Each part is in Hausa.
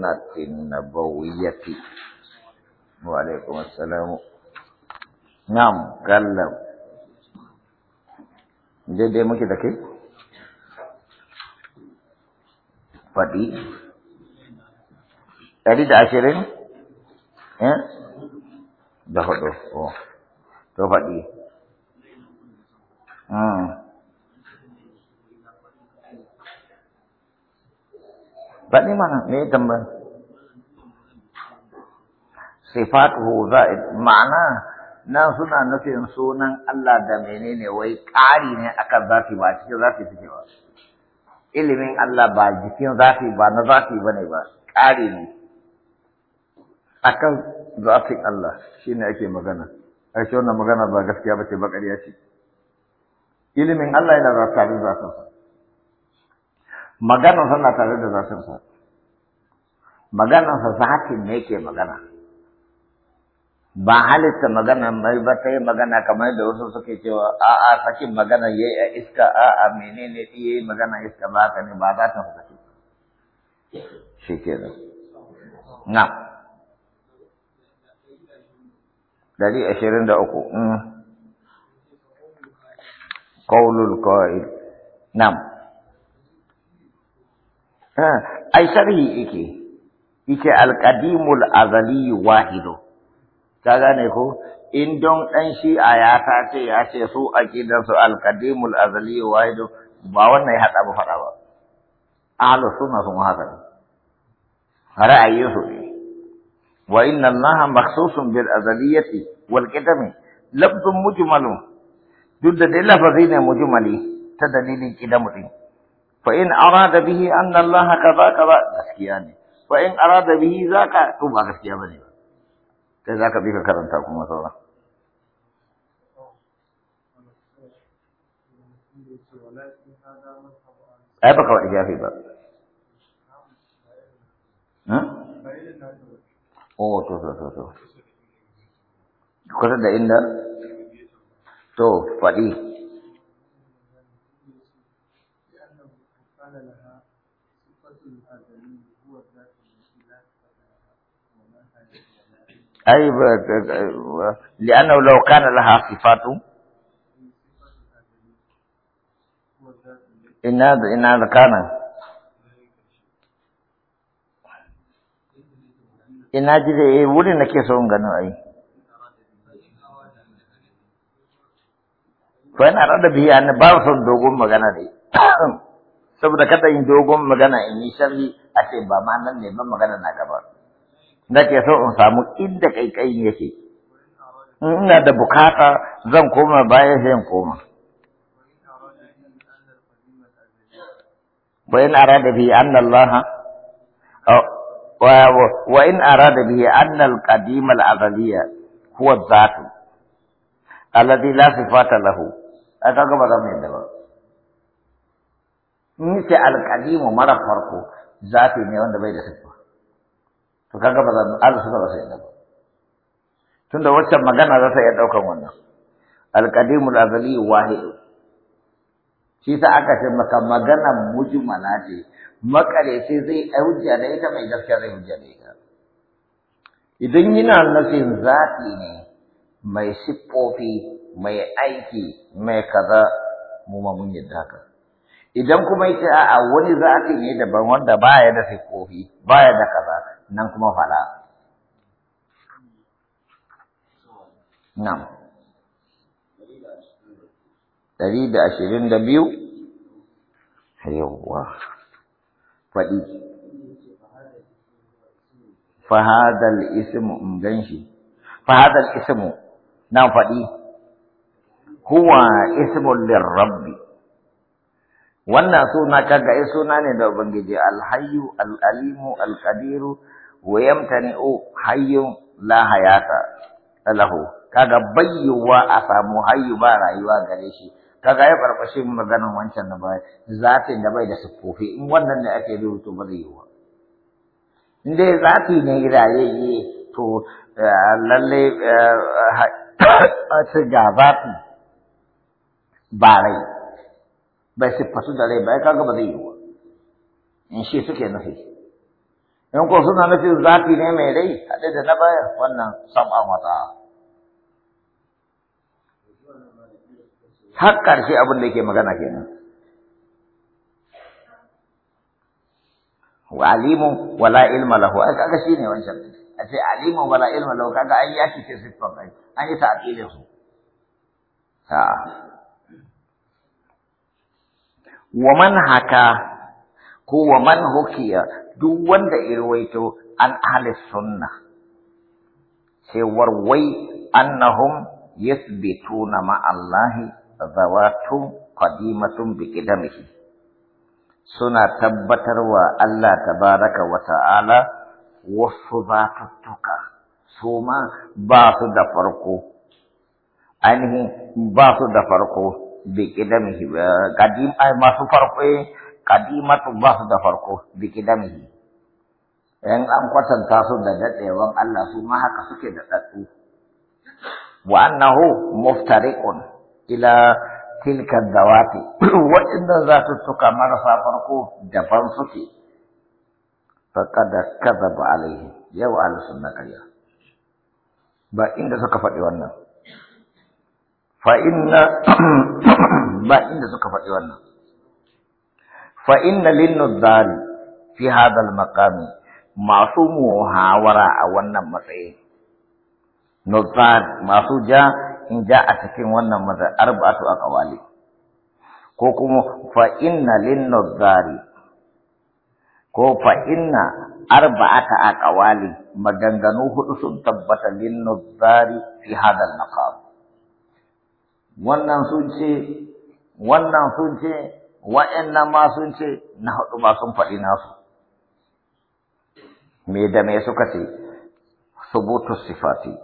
sunnati nabawiyyati wa alaikum assalam ngam gallam je de muke dake fadi tadi da ashirin eh da hudu oh Berarti mana eh, Ini tambah. Sifat huzaid. za'id ma'ana nan suna sunan Allah da menene wai ƙari ne akan zafi ba cikin zafi suke ba ilimin Allah ba jikin zafi ba na zafi ba ne ba ƙari ne akan zafin Allah shine ake magana ake wannan magana ba gaskiya ba ce ba ƙarya ce ilimin Allah yana da tsarin zafinsa magana sana tare da zatinsa maganarsa zatin ne ke magana ba halitta magana mai ba ta yi magana kamar da wasu suke cewa a'a sakin magana ya yi a iska a'a menene ne ya yi magana iska ba ka ne ba za ta fuka ce shi ke nan na dari ashirin da uku ƙaulul mm. ƙa'il na'am ai sharhi yake yake alqadimul azali wahido ka gane ko in don dan shi'a ya ta ce ya ce su aqidan su alqadimul azali wahido ba wannan ya hada ba fada ba ahlu sunna sun haka ra'ayinsu ne wa inna allaha makhsusun bil azaliyati wal qadami lafzun mujmalun duk da dai lafazi ne mujmali ta dalilin kidamu din فإن أراد به أن الله كذا كذا أسكياني فإن أراد به ذاك توبا أسكيا بني كذاك بك كرم تاكم مثلا أي بقى إجافي بقى ها؟ أوه تو تو تو تو كذا ده إن تو فدي أي لأنه لو كان لها صفات إن هذا إن هذا كان إن هذا إيه إنك يسون كانوا أي فإن أراد به أن بعض الدوغم مغانا دي saboda kada in dogon magana in yi sharhi a ce ba ma nan ne ba magana na gaba nake so in samu inda kaikai yake ina da bukata zan koma baya sai in koma وإن أراد به أن الله وإن أراد به أن القديم الأزلي هو الذات الذي لا صفات له أتاك بدأ من دواء نيسي القديم مرة فرقه ذاتي نيوان دبي صفة to kaga ba Allah sai ba sai da tunda waccan magana za ta iya daukan wannan alqadimul azali wahid shi sa aka ce maka magana mujmala ce sai zai hujja da ita mai gaskiya zai hujja da ita idan yana nufin zafi ne mai siffofi mai aiki mai kaza mu ma mun yadda haka idan kuma yace a wani zafi ne daban wanda baya da siffofi baya da kaza nan kuma fala nan ɗari da ashirin da biyu yawwa faɗi fahadal ismu in ganshi, shi fahadal ismu nan faɗi huwa ismun lirrabbi wannan suna kaga ai suna ne da ubangiji Alhayu, alalimu alqadiru ويمتنع حي لا حياة له kaga bayyuwa a samu hayyu ba rayuwa gare shi kaga ya farfashe maganan wancan da bai zati da bai da sufofi in wannan ne ake rubuto ba zai yiwa in dai zati ne yi to eh, lalle eh, a ce ga zati ba rai bai siffatu da rai bai kaga ba zai yiwa in shi suke nufi in ko suna nufin zafi ne mai rai haɗe da na baya wannan sam'a mata har ƙarshe abin da yake magana kenan wa alimu wala ilma lahu ai kaga shine wancan a ce alimu wala ilma lahu kaga ai ya shi ke siffan ai an yi ta'qilin su ta wa man haka ko wa man hukiya duk wanda ya ruwaito an ahli sunna cewar wai annahum yasbituna ma Allahi zawatum qadimatun bi qidamihi suna tabbatar wa Allah tabaraka wa ta'ala wasu tutuka su ma ba su da farko ainihin ba su da farko bi qadim ai masu farko eh, kadimatu ba su da farko bi kidamihi yan an kwatanta su da dadewan Allah su ma haka suke da dadu wa annahu muftariqun ila tilka dawati inda za su tuka marasa farko daban suke faqad kadhaba alaihi yau al sunna kariya ba inda suka faɗi wannan fa inna ba inda suka faɗi wannan fa inna linnudari fi hadal maqami masu muhawara a wannan matsayi nuzar masu ja in ja a cikin wannan mazar arba'atu aqwali ko kuma fa inna linnuzari ko fa inna arba'ata aqwali maganganu hudu sun tabbata linnuzari fi hadal maqam wannan sun ce wannan sun ce wa'annan ma sun ce na haɗu ma sun faɗi nasu me da me suka ce subutu sifati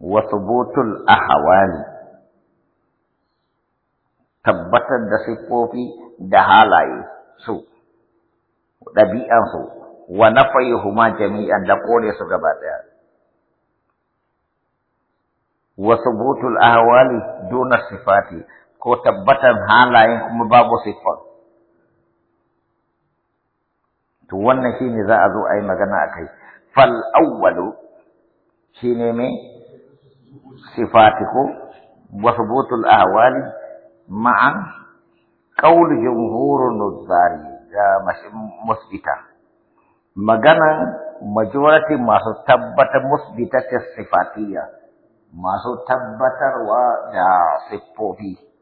wa subutul ahwali tabbatar da siffofi da halaye su ɗabi'ansu wa nafayuhuma jami'an da ƙone su gaba ɗaya wa subutul ahwali duna sifati ko tabbatan halayen kuma babu siffar to wannan shine za a zo a yi magana a kai fal awwalu shine me sifatiku wa thubutul ahwali ma'an qawl jumhurun nuzari da musbita magana majority masu tabbata musbita ta sifatiya masu tabbatarwa da siffofi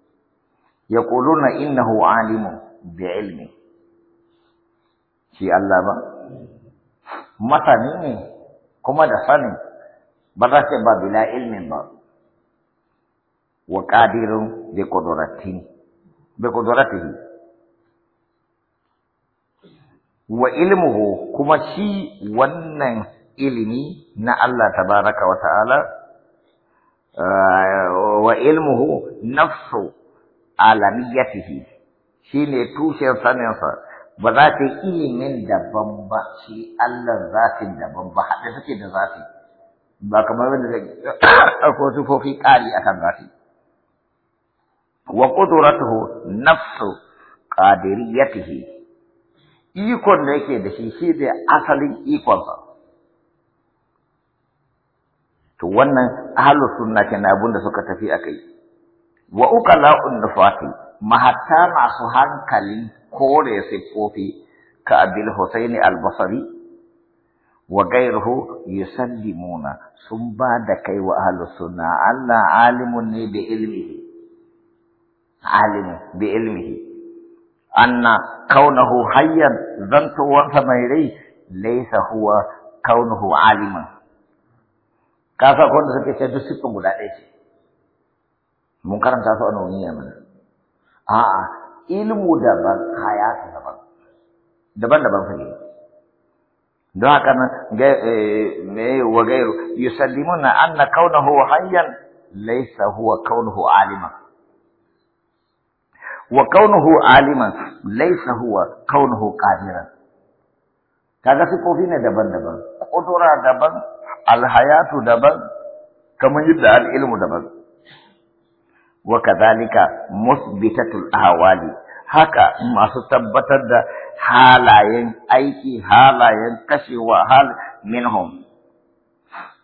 yaquluna innahu alimu bi ilmi shi Allah ba Matani ne kuma da sani ba za ce ba bila ilmin ba wa qadirun bi qudratihi bi qudratihi wa ilmuhu kuma shi wannan ilimi na Allah tabaraka wa ta'ala wa ilmuhu nafsu alamiyatihi shine tushen saninsa ba za ta yi ilimin daban ba shi Allah zafin daban ba haɗe suke da zafi ba kamar wanda zai ɗauko sufofi ƙari a kan zafi wa ƙuduratuhu nafsu ƙadiriyatihi ikon da yake da shi shi da asalin ikonsa to wannan ahlus sunna kenan na da suka tafi a kai wa uqala'un nufati mahatta masu hankali kore siffofi ka abil husaini al-basri wa gairuhu yusallimuna sun ba da kai wa ahlus sunna Allah alimun ne bi ilmihi alimun bi ilmihi anna kaunahu hayyan zanto wa mai rai laysa huwa kaunuhu aliman kasa ko da suke ce duk sifin guda ɗaya ce mungkar karanta su a mana Ah, ilmu dapat hayatu dapat, dapat dapat lagi. Doa karena gay, me wa gairu yusallimuna anna kaunahu hayyan laysa huwa kaunuhu alima. wa kaunuhu alima laysa huwa kaunuhu qadiran Kata si ne dapat dapat. kudura dapat. alhayatu daban kamar yadda ilmu dapat. وكذلك مثبتة الأهوال هكا ما ستبتد حالين أيكي حالين كشوا حال منهم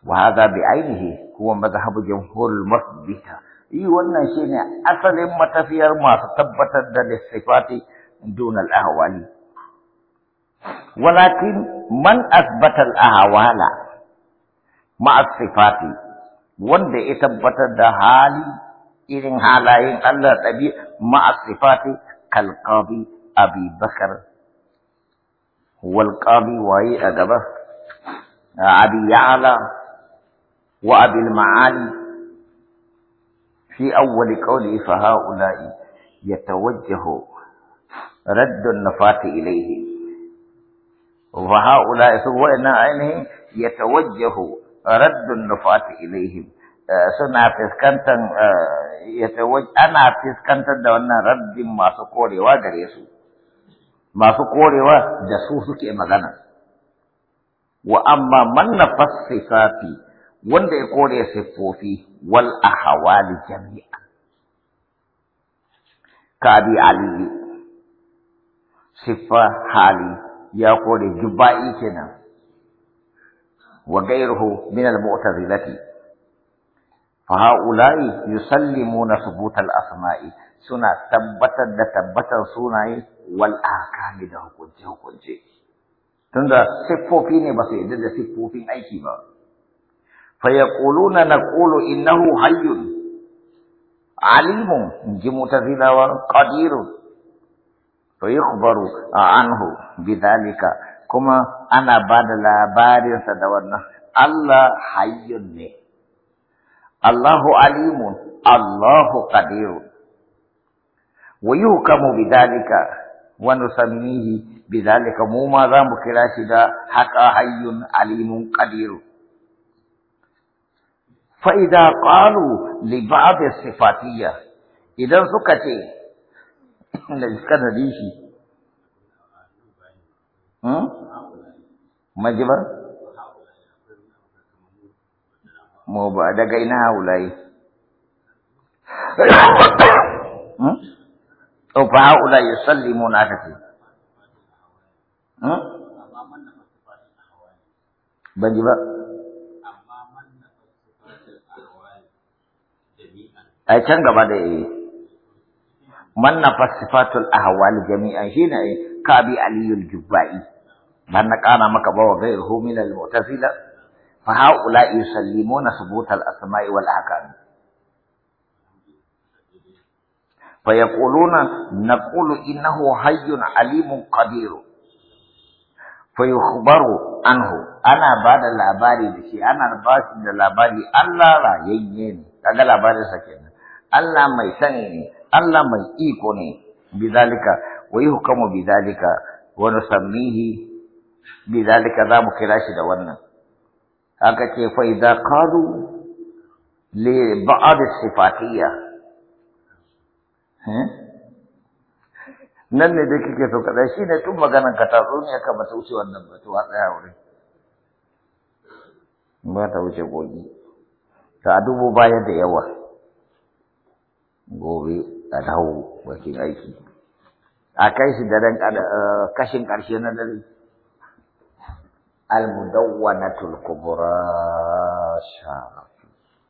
وهذا بعينه هو مذهب جمهور المثبتة أي وأن شيء أصل ما تفير ما تثبت للصفات دون الأهوال ولكن من أثبت الأهوال مع الصفات وأن يثبت حالي إذن حالا يقال تبي مع الصفات كالقابي أبي بكر هو القاضي وهي أدبه أبي يعلى وأبي المعالي في أول قوله فهؤلاء يتوجه رد النفاة إليه فهؤلاء سوى أنه يتوجه رد النفاة إليهم Eh, suna fuskantar eh, ana fiskantar da wannan raddin masu korewa gare su masu korewa da su suke magana wa amma man nafas sifati wanda ya kore siffofi wal ahwali jami'a kabi ali siffa hali ya kore juba'i kenan wa gairuhu min al-mu'tazilati fa ha'ula'i yusallimuna subutal asma'i suna tabbatar da tabbatar sunaye wal akami da hukunce hukunce tunda siffofi ne ba su da siffofin aiki ba fa yaquluna naqulu innahu hayyun alimun ji mutazilawa qadirun fayukhbaru anhu bidhalika kuma ana bada labarinsa da wannan Allah hayyun ne الله عليم الله قدير ويوكم بذلك ونسميه بذلك مو ما ذنب دا حقا حي عليم قدير فإذا قالوا لبعض الصفاتية إذا سكتي لذكر ديشي ما جبر mu ba daga ina haulayi to fa haula yusallimu na kace ban ji ba ai can gaba da yi man nafas sifatul ahwal jami'an shine kabi aliyul jubba'i man na kana maka bawa gairuhu min al-mu'tazila فهؤلاء يسلمون ثبوت الأسماء والأحكام فيقولون نقول إنه حي عليم قدير فيخبر عنه أنا بعد الأباري بشي أنا بعد الأباري ألا لا يجيني هذا الأباري سكين ألا ما يسنيني ألا ما يقوني بذلك ويحكم بذلك ونسميه بذلك ذا مكلاش دوانا aka ce fai idza qalu eh? nan ne da kike so kada shi ne tun maganan ka ta ne ya ta wuce wannan ba a tsaya wurin ba ta wuce gobe ta dubo baya da yawa gobe a dawo bakin aiki a kai shi da kashin ƙarshe na dare المدونة الكبرى شارك